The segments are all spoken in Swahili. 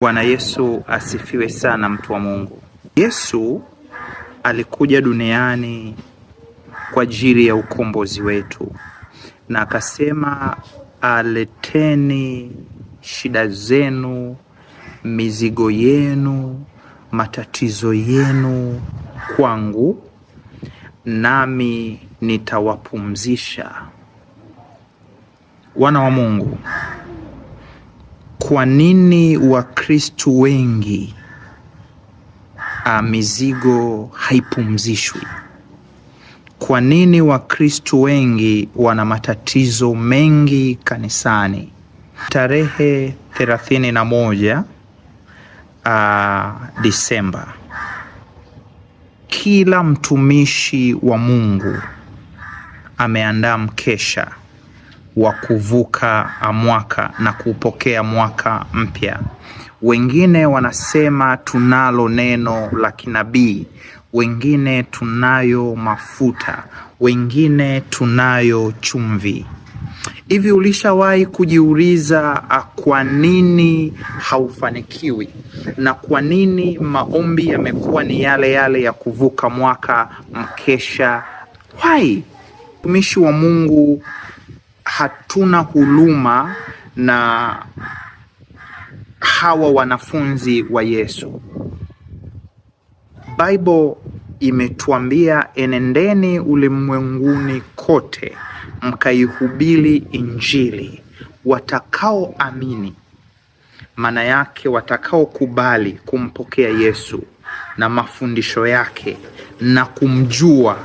Bwana Yesu asifiwe sana, mtu wa Mungu. Yesu alikuja duniani kwa ajili ya ukombozi wetu, na akasema, aleteni shida zenu, mizigo yenu, matatizo yenu kwangu, nami nitawapumzisha. Wana wa Mungu, kwa nini wakristu wengi a, ah, mizigo haipumzishwi? Kwa nini wakristu wengi wana matatizo mengi kanisani? Tarehe 31 uh, ah, Disemba, kila mtumishi wa Mungu ameandaa mkesha wa kuvuka ah, mwaka na kupokea mwaka mpya. Wengine wanasema tunalo neno la kinabii, wengine tunayo mafuta, wengine tunayo chumvi. Hivi ulishawahi kujiuliza ah, kwa nini haufanikiwi na kwa nini maombi yamekuwa ni yale yale ya kuvuka mwaka mkesha? Why? Mtumishi wa Mungu hatuna huruma na hawa wanafunzi wa Yesu. Bible imetuambia enendeni ulimwenguni kote mkaihubiri Injili, watakaoamini, maana yake watakaokubali kumpokea Yesu na mafundisho yake na kumjua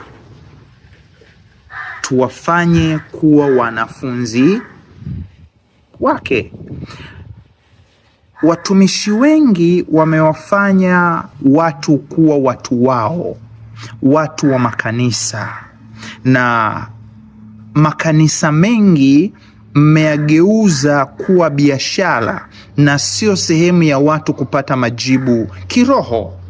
tuwafanye kuwa wanafunzi wake. Watumishi wengi wamewafanya watu kuwa watu wao, watu wa makanisa, na makanisa mengi mmeyageuza kuwa biashara na sio sehemu ya watu kupata majibu kiroho.